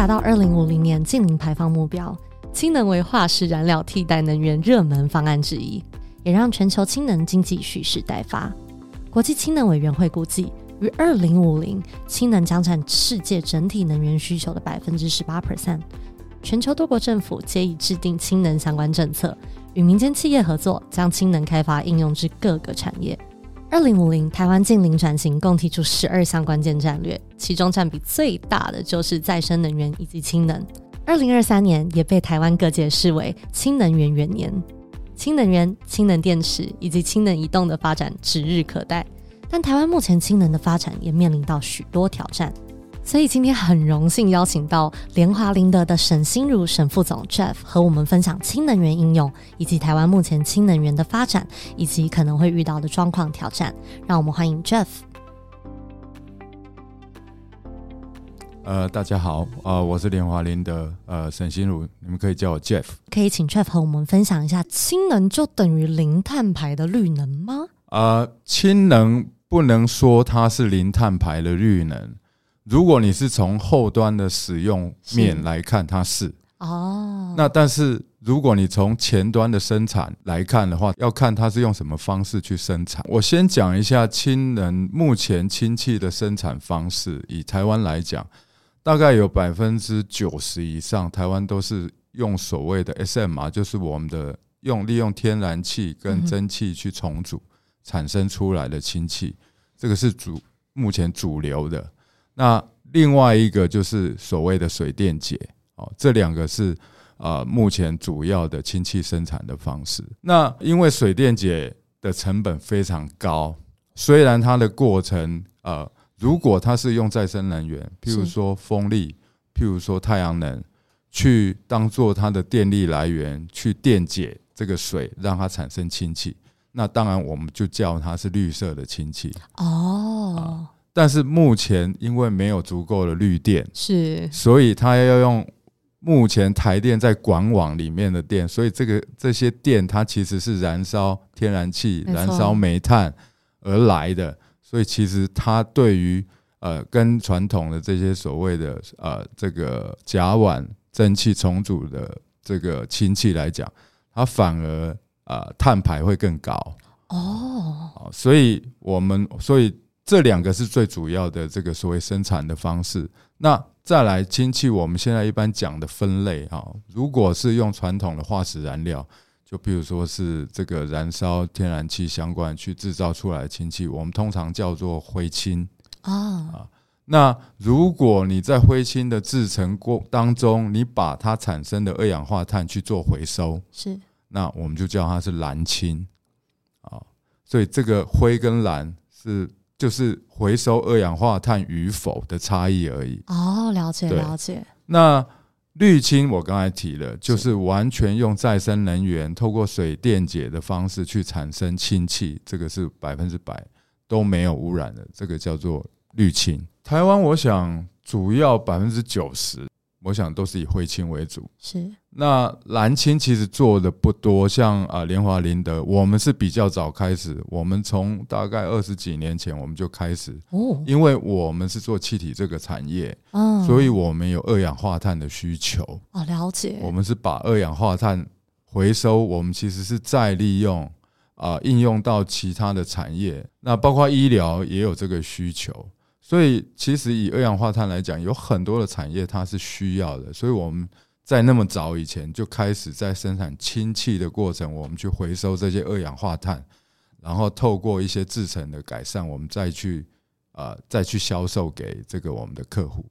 達到二零五零年淨零排放目標，氫能為化石燃料替代能源熱門方案之一，也讓全球氫能經濟蓄勢待發。國際氫能委員會估計，於二零五零，氫能將占世界整體能源需求的百分之十八 percent。全球多國政府皆已制定氫能相關政策，與民間企業合作，將氫能開發應用至各個產業。二零五零，台灣淨零轉型共提出十二項關鍵戰略，其中佔比最大的就是再生能源以及氫能。二零二三年也被台灣各界視為氫能源元年，氫能源、氫能電池以及氫能移動的發展指日可待。但台灣目前氫能的發展也面臨到許多挑戰。所以今天很榮幸邀請到聯華林德的沈心如沈副總 Jeff 和我們分享氫能源應用，以及台灣目前氫能源的發展，以及可能會遇到的狀況挑戰。讓我們歡迎 Jeff。呃，大家好，呃，我是聯華林德，呃，沈心如，你們可以叫我 Jeff。可以請 Jeff 和我們分享一下，氫能就等於零碳排的綠能嗎？呃，氫能不能說它是零碳排的綠能。如果你是從後端的使用面來看，它是哦。那但是如果你從前端的生產來看的話，要看它是用什麼方式去生產。我先講一下氫能目前氫氣的生產方式。以台灣來講，大概有百分之九十以上，台灣都是用所謂的 SMR 啊，就是我們的用利用天然氣跟蒸汽去重組產生出來的氫氣，這個是主目前主流的。那另外一個就是所謂的水電解，哦，這兩個是呃目前主要的氫氣生產的方式。那因為水電解的成本非常高，雖然它的過程，呃，如果它是用再生能源，譬如說風力，譬如說太陽能，去當做它的電力來源，去電解這個水，讓它產生氫氣，那當然我們就叫它是綠色的氫氣。哦。但是目前因為沒有足夠的綠電，是，所以它要用目前台電在管網裡面的電，所以這個這些電它其實是燃燒天然氣、沒錯。燃燒煤炭而來的，所以其實它對於呃跟傳統的這些所謂的呃這個甲烷蒸汽重組的這個氫氣來講，它反而呃碳排會更高哦，所以我們所以。這兩個是最主要的這個所謂生產的方式。那再來，氫氣我們現在一般講的分類啊，如果是用傳統的化石燃料，就比如說是這個燃燒天然氣相關去製造出來的氫氣，我們通常叫做灰氫啊。啊，那如果你在灰氫的製程過當中，你把它產生的二氧化碳去做回收，是，那我們就叫它是藍氫啊。所以這個灰跟藍是。就是回收二氧化碳與否的差異而已。哦，了解了解。那綠氫，我剛才提了，就是完全用再生能源，透過水電解的方式去產生氫氣，這個是百分之百都沒有污染的，這個叫做綠氫。台灣，我想主要百分之九十。我想都是以灰氫為主，是。那藍氫其實做的不多像，像、呃、啊，聯華、林德，我們是比較早開始，我們從大概二十幾年前我們就開始哦，因為我們是做氣體這個產業啊，所以我們有二氧化碳的需求啊，了解。我們是把二氧化碳回收，我們其實是再利用啊、呃，應用到其他的產業，那包括醫療也有這個需求。所以，其實以二氧化碳來講，有很多的產業它是需要的。所以我們在那麼早以前就開始在生產氫氣的過程，我們去回收這些二氧化碳，然後透過一些製程的改善，我們再去呃再去銷售給這個我們的客戶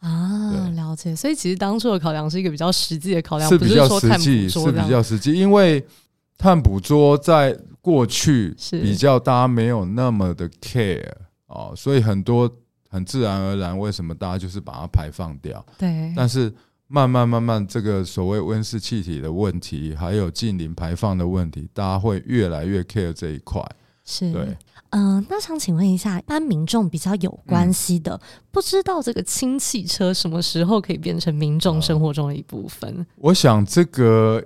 啊。對了解。所以，其實當初的考量是一個比較實際的考量，是比較實際，是，是比較實際，因為碳捕捉在過去是比較大家沒有那麼的 care。哦，所以很多很自然而然，為什麼大家就是把它排放掉？對。但是慢慢慢慢，這個所謂溫室氣體的問題，還有淨零排放的問題，大家會越來越 care 這一塊。是。對。嗯、呃，那想請問一下，一般民眾比較有關係的，嗯、不知道這個氫汽車什麼時候可以變成民眾生活中的一部分？嗯、我想這個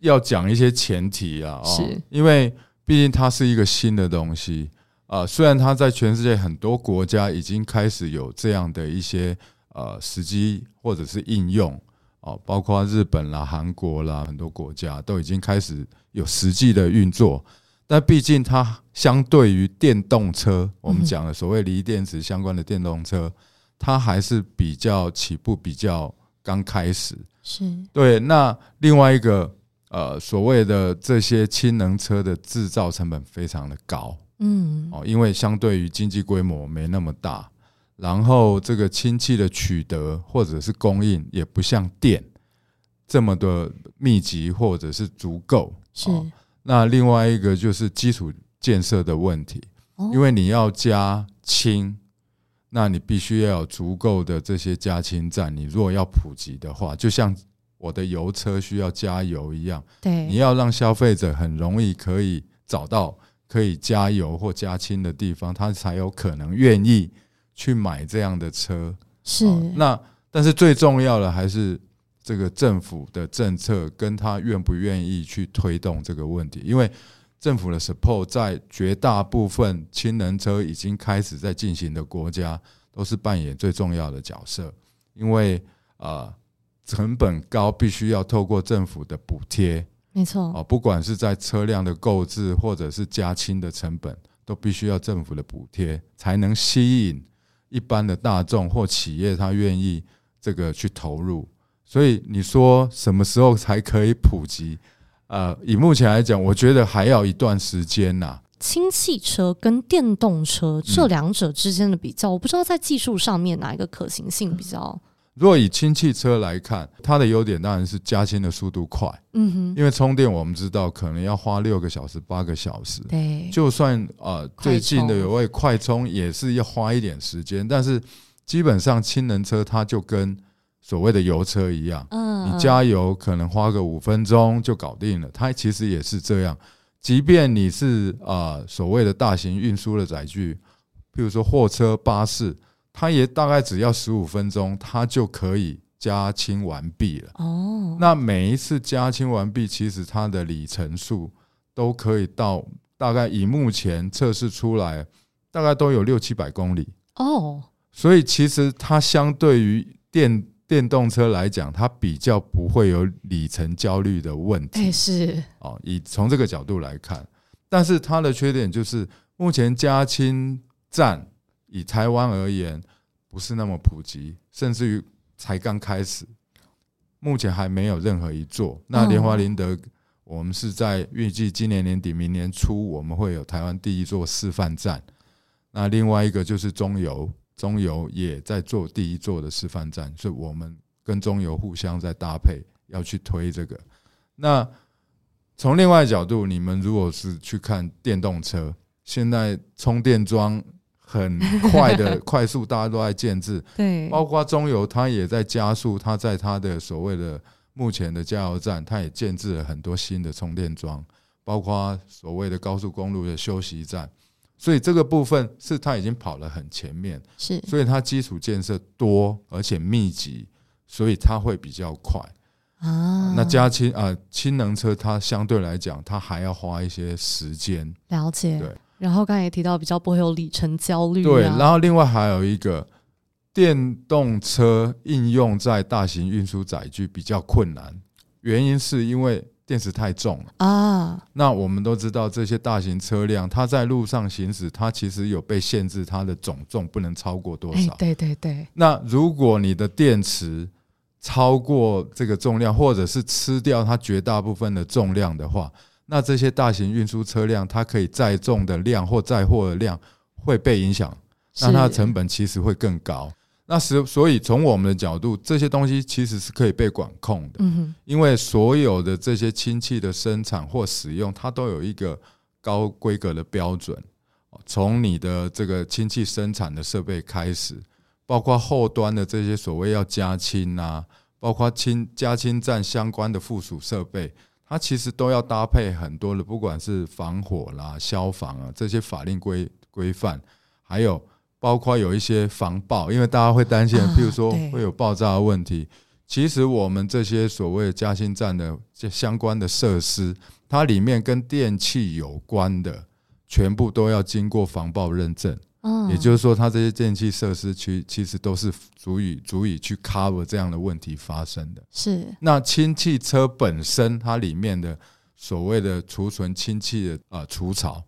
要講一些前提啊，哦、是因為畢竟它是一個新的東西。啊、呃，雖然它在全世界很多國家已經開始有這樣的一些呃實績，或者是應用哦、呃，包括日本啦、韓國啦，很多國家都已經開始有實際的運作。但畢竟它相對於電動車，我們講的所謂鋰電池相關的電動車，嗯、它還是比較起步比較剛開始是對。那另外一個呃，所謂的這些氫能車的制造成本非常的高。嗯，哦，因為相對於經濟規模沒那麼大，然後這個氫氣的取得或者是供應也不像電這麼的密集或者是足夠。是，哦，那另外一個就是基礎建設的問題，因為你要加氫，那你必須要有足夠的這些加氫站。你如果要普及的話，就像我的油車需要加油一樣，對，你要讓消費者很容易可以找到。可以加油或加氫的地方，他才有可能願意去買這樣的車。是、啊、那，但是最重要的還是這個政府的政策跟他願不願意去推動這個問題。因為政府的 support 在絕大部分氫能車已經開始在進行的國家都是扮演最重要的角色，因為啊、呃、成本高，必須要透過政府的補貼。沒錯，哦，不管是在車輛的購置或者是加氫的成本，都必須要政府的補貼，才能吸引一般的大眾或企業他願意這個去投入。所以你說什麼時候才可以普及？呃，以目前來講，我覺得還要一段時間吶、啊。氫汽車跟電動車這兩者之間的比較，嗯、我不知道在技術上面哪一個可行性比較。嗯如果以氫氣車來看，它的優點當然是加氫的速度快，嗯哼，因為充電我們知道可能要花六個小時、八個小時，對就算啊、呃、充最近的有位快充也是要花一點時間，但是基本上氫能車它就跟所謂的油車一樣，嗯，嗯，你加油可能花個五分鐘就搞定了，它其實也是這樣。即便你是啊、呃、所謂的大型運輸的載具，譬如說貨車、巴士。它也大概只要十五分鐘，它就可以加氫完畢了。哦，oh. 那每一次加氫完畢，其實它的里程數都可以到大概，以目前測試出來，大概都有六七百公里。哦，oh. 所以其實它相對於電電動車來講，它比較不會有里程焦慮的問題。Hey, 是哦，以從這個角度來看，但是它的缺點就是目前加氫站。以台灣而言，不是那麼普及，甚至於才剛開始。目前還沒有任何一座。那聯華林德，我們是在預計今年年底，明年初，我們會有台灣第一座示範站。那另外一個就是中油，中油也在做第一座的示範站，所以我們跟中油互相在搭配，要去推這個。那從另外角度，你們如果是去看電動車，現在充電樁。很快的，快速，大家都在建置。 對，包括中油，它也在加速，它在它的所謂的目前的加油站，它也建置了很多新的充電樁，包括所謂的高速公路的休息站，所以這個部分是它已經跑了很前面。是，所以它基礎建設多而且密集，所以它會比較快啊。那加氫啊，氫、呃、氫能車它相對來講，它還要花一些時間了解對。然後剛才也提到，比較不會有里程焦慮啊。對，然後另外還有一個，電動車應用在大型運輸載具比較困難，原因是因為電池太重了啊。那我們都知道，這些大型車輛它在路上行駛，它其實有被限制它的總重不能超過多少。對對對。那如果你的電池超過這個重量，或者是吃掉它絕大部分的重量的話，那這些大型運輸車輛，它可以載重的量或載貨的量會被影響，是那它的成本其實會更高。那所所以從我們的角度，這些東西其實是可以被管控的，嗯、哼因為所有的這些氫氣的生產或使用，它都有一個高規格的標準。從你的這個氫氣生產的設備開始，包括後端的這些所謂要加氫啊，包括氫加氫站相關的附屬設備。它其實都要搭配很多的，不管是防火啦、消防啊這些法令規規範，還有包括有一些防爆，因為大家會擔心，譬如說會有爆炸的問題。啊、其實我們這些所謂的加氫站的這相關的設施，它裡面跟電器有關的，全部都要經過防爆認證。嗯、也就是說，它這些電氣設施，其其實都是足以足以去 cover 這樣的問題發生的。是。那氫氣車本身，它裡面的所謂的儲存氫氣的啊儲槽，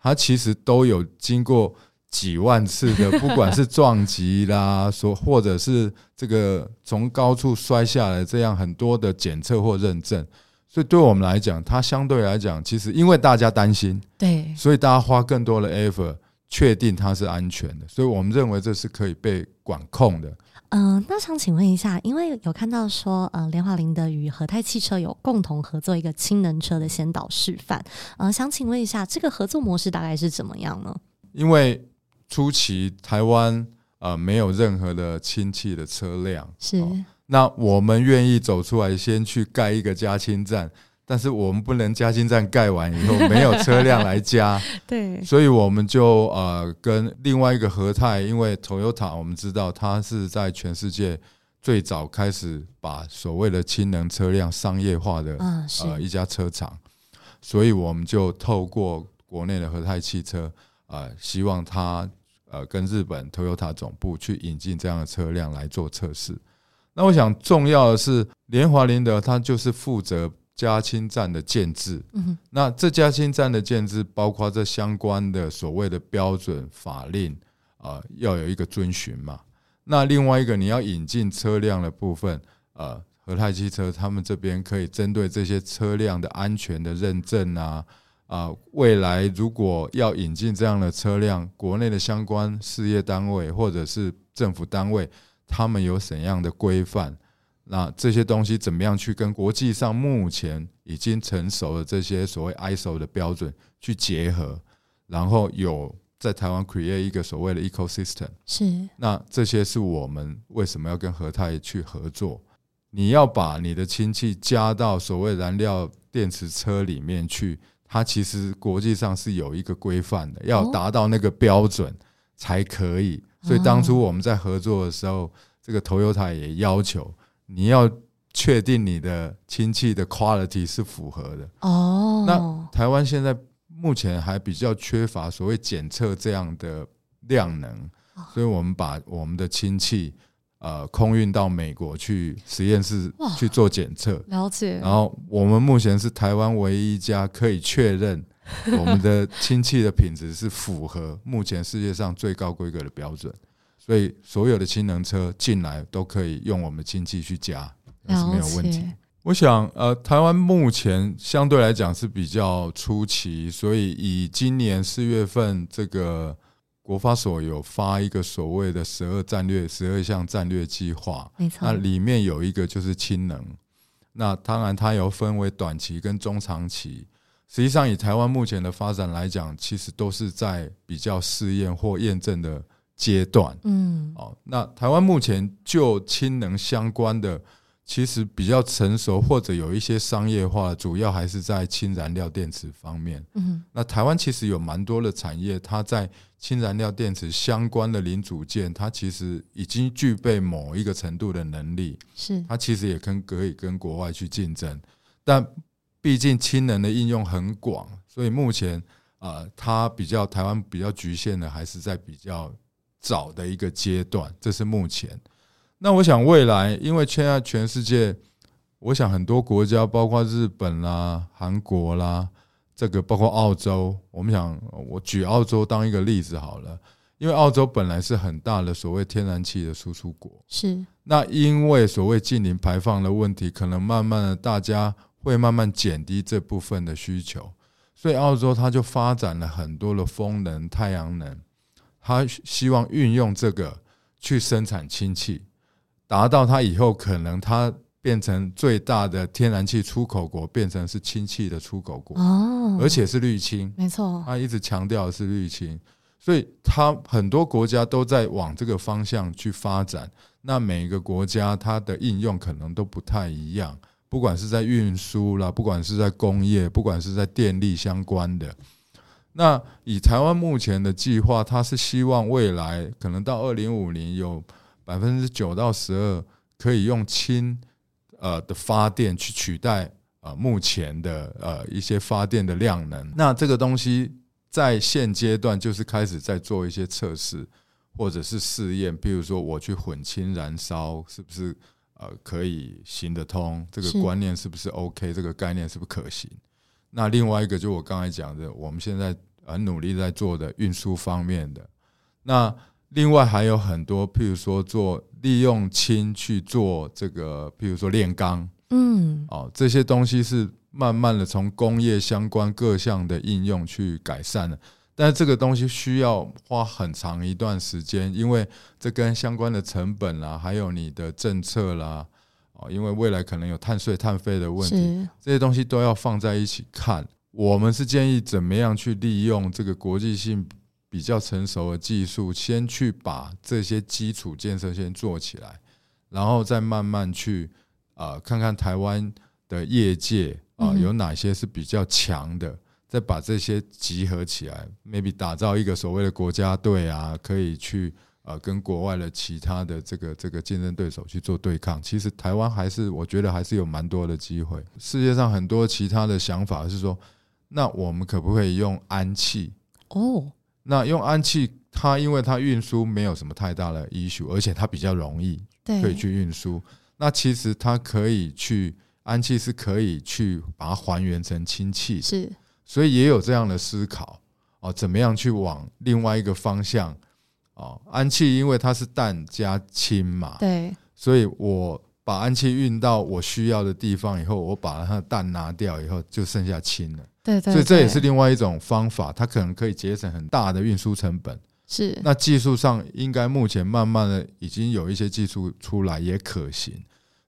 它其實都有經過幾萬次的，不管是撞擊啦，說 或者是這個從高處摔下來這樣很多的檢測或認證。所以對我們來講，它相對來講，其實因為大家擔心，對，所以大家花更多的 effort。確定它是安全的，所以我們認為這是可以被管控的。嗯、呃，那想請問一下，因為有看到說，呃，聯華林德與和泰汽車有共同合作一個氫能車的先導示範，呃，想請問一下，這個合作模式大概是怎麼樣呢？因為初期台灣啊、呃、沒有任何的氫氣的車輛，是、哦、那我們願意走出來，先去蓋一個加氫站。但是我們不能加氫站蓋完以後沒有車輛來加， 對，所以我們就呃跟另外一個和泰，因為 Toyota 我們知道它是在全世界最早開始把所謂的氫能車輛商業化的、嗯、呃一家車廠，所以我們就透過國內的和泰汽車啊、呃，希望它呃跟日本 Toyota 總部去引進這樣的車輛來做測試。那我想重要的是，聯華林德它就是負責。加氫站的建製、嗯哼，那這加氫站的建製包括這相關的所謂的標準法令啊、呃，要有一個遵循嘛。那另外一個你要引進車輛的部分，呃，和泰汽車他們這邊可以針對這些車輛的安全的認證啊，啊、呃，未來如果要引進這樣的車輛，國內的相關事業單位或者是政府單位，他們有怎樣的規範？那這些東西怎麼樣去跟國際上目前已經成熟的這些所謂 ISO 的標準去結合，然後有在台灣 create 一個所謂的 ecosystem 是。那這些是我們為什麼要跟和泰去合作？你要把你的氫氣加到所謂燃料電池車裡面去，它其實國際上是有一個規範的，要達到那個標準才可以。所以當初我們在合作的時候，這個 Toyota 也要求。你要確定你的氫氣的 quality 是符合的哦。那台灣現在目前還比較缺乏所謂檢測這樣的量能，所以我們把我們的氫氣呃空運到美國去實驗室去做檢測。了解。然後我們目前是台灣唯一一家可以確認我們的氫氣的品質是符合目前世界上最高規格的標準。所以所有的氫能車進來都可以用我們的氫氣去加，但是沒有問題。了解。我想呃，台灣目前相對來講是比較初期，所以以今年四月份這個國發所有發一個所謂的十二戰略十二項戰略計劃，沒錯。那裡面有一個就是氫能。那當然它有分為短期跟中長期，實際上以台灣目前的發展來講，其實都是在比較試驗或驗證的。階段，嗯，哦，那台灣目前就氫能相關的，其實比較成熟或者有一些商業化，主要還是在氫燃料電池方面。嗯哼，那台灣其實有蠻多的產業，它在氫燃料電池相關的零組件，它其實已經具備某一個程度的能力。是，它其實也跟可以跟國外去競爭，但畢竟氫能的應用很廣，所以目前啊、呃，它比較台灣比較侷限的還是在比較。早的一個階段，這是目前。那我想未來，因為現在全世界，我想很多國家，包括日本啦、韓國啦，這個包括澳洲，我們想我舉澳洲當一個例子好了。因為澳洲本來是很大的所謂天然氣的輸出國，是那因為所謂近零排放的問題，可能慢慢的大家會慢慢減低這部分的需求，所以澳洲它就發展了很多的風能、太陽能。他希望運用這個去生產氫氣，達到他以後可能他變成最大的天然氣出口國，變成是氫氣的出口國，而且是綠氫，沒錯，他一直強調的是綠氫，所以他很多國家都在往這個方向去發展。那每一個國家它的應用可能都不太一樣，不管是在運輸啦，不管是在工業，不管是在電力相關的。那以台灣目前的計劃，它是希望未來可能到二零五零有百分之九到十二可以用氫呃的發電去取代啊目前的呃一些發電的量能。那這個東西在現階段就是開始在做一些測試或者是試驗，比如說我去混氫燃燒，是不是呃可以行得通？這個觀念是不是 OK？是這個概念是不是可行？那另外一個就我剛才講的，我們現在很努力在做的運輸方面的，那另外還有很多，譬如說做利用氫去做這個，譬如說煉鋼，嗯，哦，這些東西是慢慢的從工業相關各項的應用去改善的，但是這個東西需要花很長一段時間，因為這跟相關的成本啦，還有你的政策啦。啊，因為未來可能有碳稅、碳費的問題，是這些東西都要放在一起看。我們是建議怎麼樣去利用這個國際性比較成熟的技術，先去把這些基礎建設先做起來，然後再慢慢去啊、呃，看看台灣的業界啊、呃、有哪些是比較強的，嗯、哼再把這些集合起來，maybe 打造一個所謂的國家隊啊，可以去。呃，跟國外的其他的這個這個競爭對手去做對抗，其實台灣還是我覺得還是有蠻多的機會。世界上很多其他的想法是說，那我們可不可以用氨氣？哦，那用氨氣，它因為它運輸沒有什麼太大的 issue，而且它比較容易，對，可以去運輸。對那其實它可以去氨氣是可以去把它還原成氫氣，是，所以也有這樣的思考啊、呃，怎麼樣去往另外一個方向？哦，氨氣因為它是氮加氫嘛，對，所以我把氨氣運到我需要的地方以後，我把它的氮拿掉以後，就剩下氫了。對，對，對，所以這也是另外一種方法，它可能可以節省很大的運輸成本。是，那技術上應該目前慢慢的已經有一些技術出來，也可行。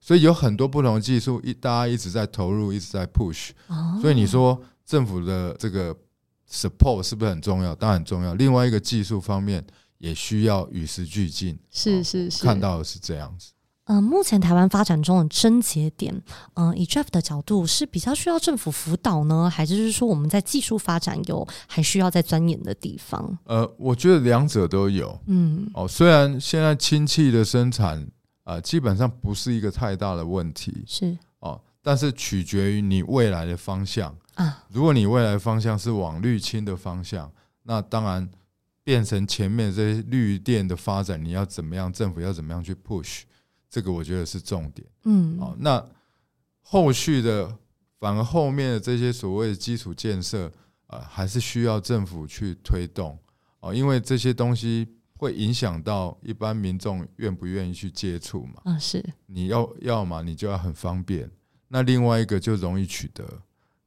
所以有很多不同的技術一大家一直在投入，一直在 push。哦，所以你說政府的這個 support 是不是很重要？當然很重要。另外一個技術方面。也需要與時俱進，是是是、哦，看到的是這樣子。嗯、呃，目前台灣發展中的症結點，嗯、呃，以 Jeff 的角度是比較需要政府輔導呢，還是是說我們在技術發展有還需要再鑽研的地方？呃，我覺得兩者都有。嗯，哦，雖然現在氫氣的生產啊、呃，基本上不是一個太大的問題，是哦，但是取決於你未來的方向啊。如果你未來的方向是往綠氫的方向，那當然。變成前面這些綠電的發展，你要怎麼樣？政府要怎麼樣去 push？這個我覺得是重點。嗯，好、哦，那後續的反而後面的這些所謂的基礎建設，呃，還是需要政府去推動啊、哦，因為這些東西會影響到一般民眾願不願意去接觸嘛。啊，嗯、是。你要要麼你就要很方便，那另外一個就容易取得，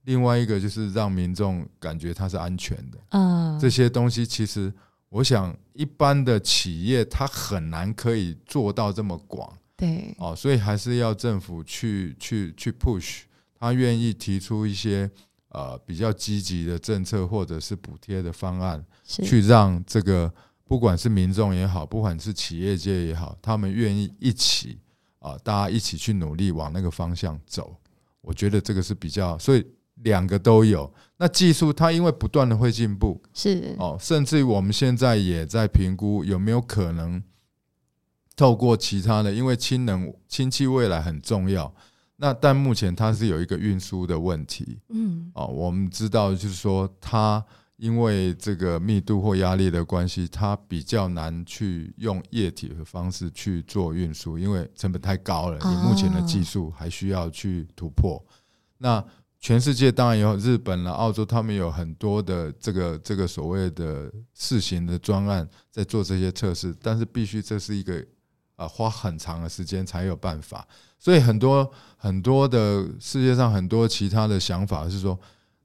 另外一個就是讓民眾感覺它是安全的。啊，嗯、這些東西其實。我想，一般的企業它很難可以做到這麼廣，對，哦，所以還是要政府去去去 push，他願意提出一些呃比較積極的政策或者是補貼的方案，去讓這個不管是民眾也好，不管是企業界也好，他們願意一起啊、呃，大家一起去努力往那個方向走。我覺得這個是比較，所以兩個都有。那技術它，因為不斷的會進步，是，是哦，甚至於我們現在也在評估有沒有可能透過其他的，因為氫能氫氣未來很重要。那但目前它是有一個運輸的問題，嗯，哦，我們知道就是說它，因為這個密度或壓力的關係，它比較難去用液體的方式去做運輸，因為成本太高了。你，目前的技術還需要去突破。啊、那。全世界當然有日本了、澳洲，他們有很多的這個這個所謂的試行的專案在做這些測試，但是必須這是一個啊、呃，花很長的時間才有辦法。所以很多很多的世界上很多其他的想法是說，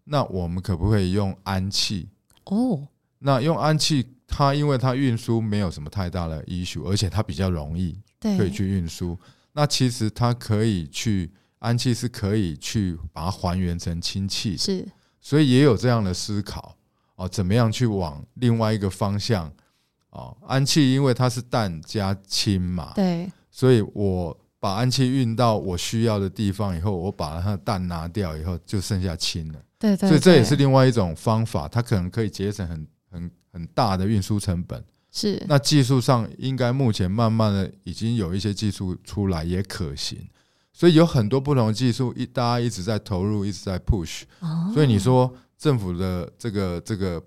那我們可不可以用氨氣？哦，那用氨氣，它因為它運輸沒有什麼太大的 issue，而且它比較容易可以去運輸。對，那其實它可以去。氨氣是可以去把它還原成氫氣，是，所以也有這樣的思考哦，怎麼樣去往另外一個方向哦，氨氣因為它是氮加氫嘛，對，所以我把氨氣運到我需要的地方以後，我把它的氮拿掉以後，就剩下氫了，對，對，對，所以這也是另外一種方法，它可能可以節省很很很大的運輸成本，是。那技術上應該目前慢慢的已經有一些技術出來，也可行。所以有很多不同的技術，一大家一直在投入，一直在 push。Oh. 所以你說政府的這個這個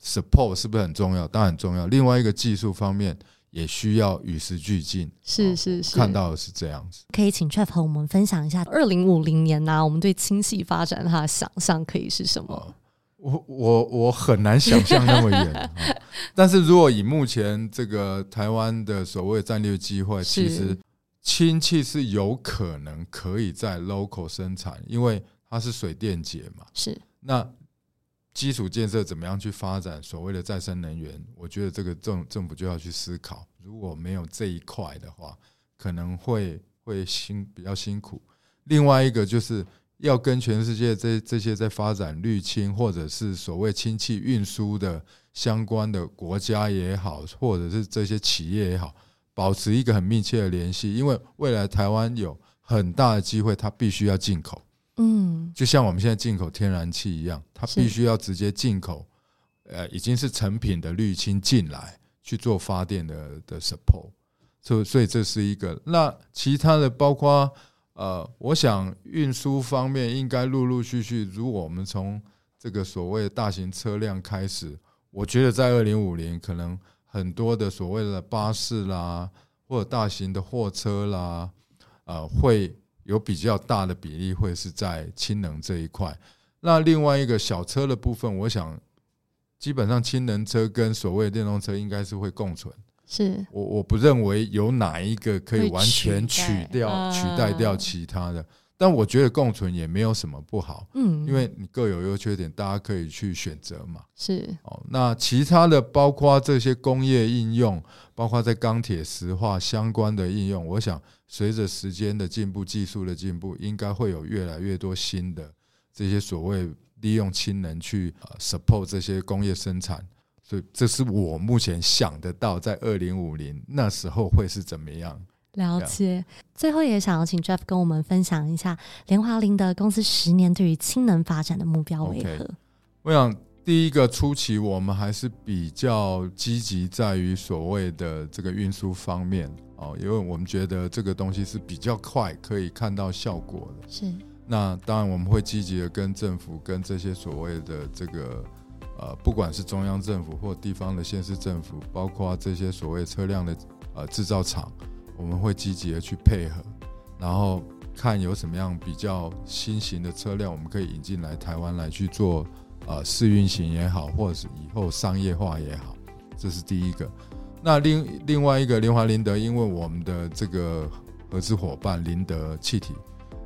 support 是不是很重要？當然很重要。另外一個技術方面也需要與時俱進。是是是，是是看到的是這樣子。可以請 Trev 和我們分享一下，二零五零年呢、啊，我們對氫氣發展的想象可以是什麼？我我我很難想象那麼遠。 但是如果以目前這個台灣的所謂戰略計劃，是其實。氫氣是有可能可以在 local 生產，因為它是水電解嘛。是。那基礎建設怎麼樣去發展所謂的再生能源？我覺得這個政政府就要去思考。如果沒有這一塊的話，可能會會辛比較辛苦。另外一個就是要跟全世界這這些在發展綠氫或者是所謂氫氣運輸的相關的國家也好，或者是這些企業也好。保持一個很密切的聯繫，因為未來台灣有很大的機會，它必須要進口。嗯，就像我們現在進口天然氣一樣，它必須要直接進口，呃，已經是成品的綠氫進來去做發電的的 support。這所以這是一個。那其他的包括呃，我想運輸方面應該陸陸續續，如果我們從這個所謂大型車輛開始，我覺得在二零五零可能。很多的所謂的巴士啦，或者大型的貨車啦，啊，呃，會有比較大的比例會是在氫能這一塊。那另外一個小車的部分，我想基本上氫能車跟所謂電動車應該是會共存。是。我我不認為有哪一個可以完全取掉取代，呃，取代掉其他的。但我覺得共存也沒有什麼不好，嗯，因為你各有優缺點，大家可以去選擇嘛。是哦，那其他的包括這些工業應用，包括在鋼鐵、石化相關的應用，我想隨着時間的進步、技術的進步，應該會有越來越多新的這些所謂利用氫能去呃 support 這些工業生產。所以，這是我目前想得到，在二零五零那時候會是怎麼樣。了解，Yeah. 最後也想要請 Jeff 跟我們分享一下聯華林德的公司十年對於氫能發展的目標為何？Okay. 我想第一個初期我們還是比較積極，在於所謂的這個運輸方面哦，因為我們覺得這個東西是比較快可以看到效果的。是，那當然我們會積極的跟政府跟這些所謂的這個呃，不管是中央政府或地方的縣市政府，包括這些所謂車輛的呃製造廠。我們會積極地去配合，然後看有什麼樣比較新型的車輛，我們可以引進來台灣來去做呃試運行也好，或者是以後商業化也好，這是第一個。那另另外一個聯華林德，因為我們的這個合資夥伴林德氣體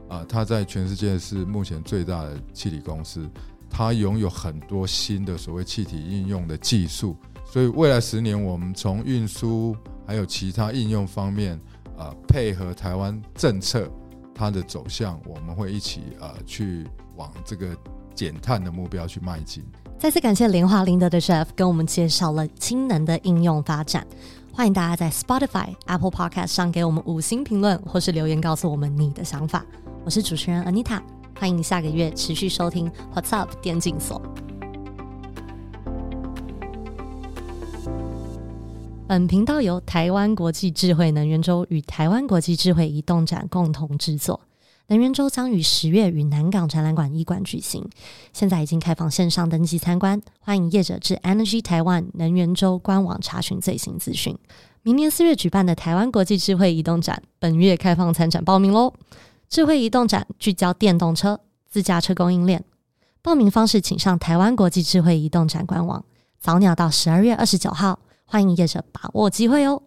啊、呃，它在全世界是目前最大的氣體公司，它擁有很多新的所謂氣體應用的技術。所以未來十年，我們從運輸還有其他應用方面，啊，配合台灣政策它的走向，我們會一起啊、呃、去往這個減碳的目標去邁進。再次感謝聯華林德的 Chef 跟我們介紹了氫能的應用發展。歡迎大家在 Spotify、Apple Podcast 上給我們五星評論，或是留言告訴我們你的想法。我是主持人 Anita，歡迎你下個月持續收聽 What's Up 電競所。本頻道由台灣國際智慧能源周與台灣國際智慧移動展共同制作。能源周將於十月與南港展覽館一館舉行，現在已經開放線上登記參觀，歡迎業者至 Energy 台灣能源周官網查詢最新資訊。明年四月舉辦的台灣國際智慧移動展，本月開放參展報名嘍！智慧移動展聚焦電動車、自駕車供應鏈，報名方式請上台灣國際智慧移動展官網，早鳥到十二月二十九號。歡迎業者把握機會哦。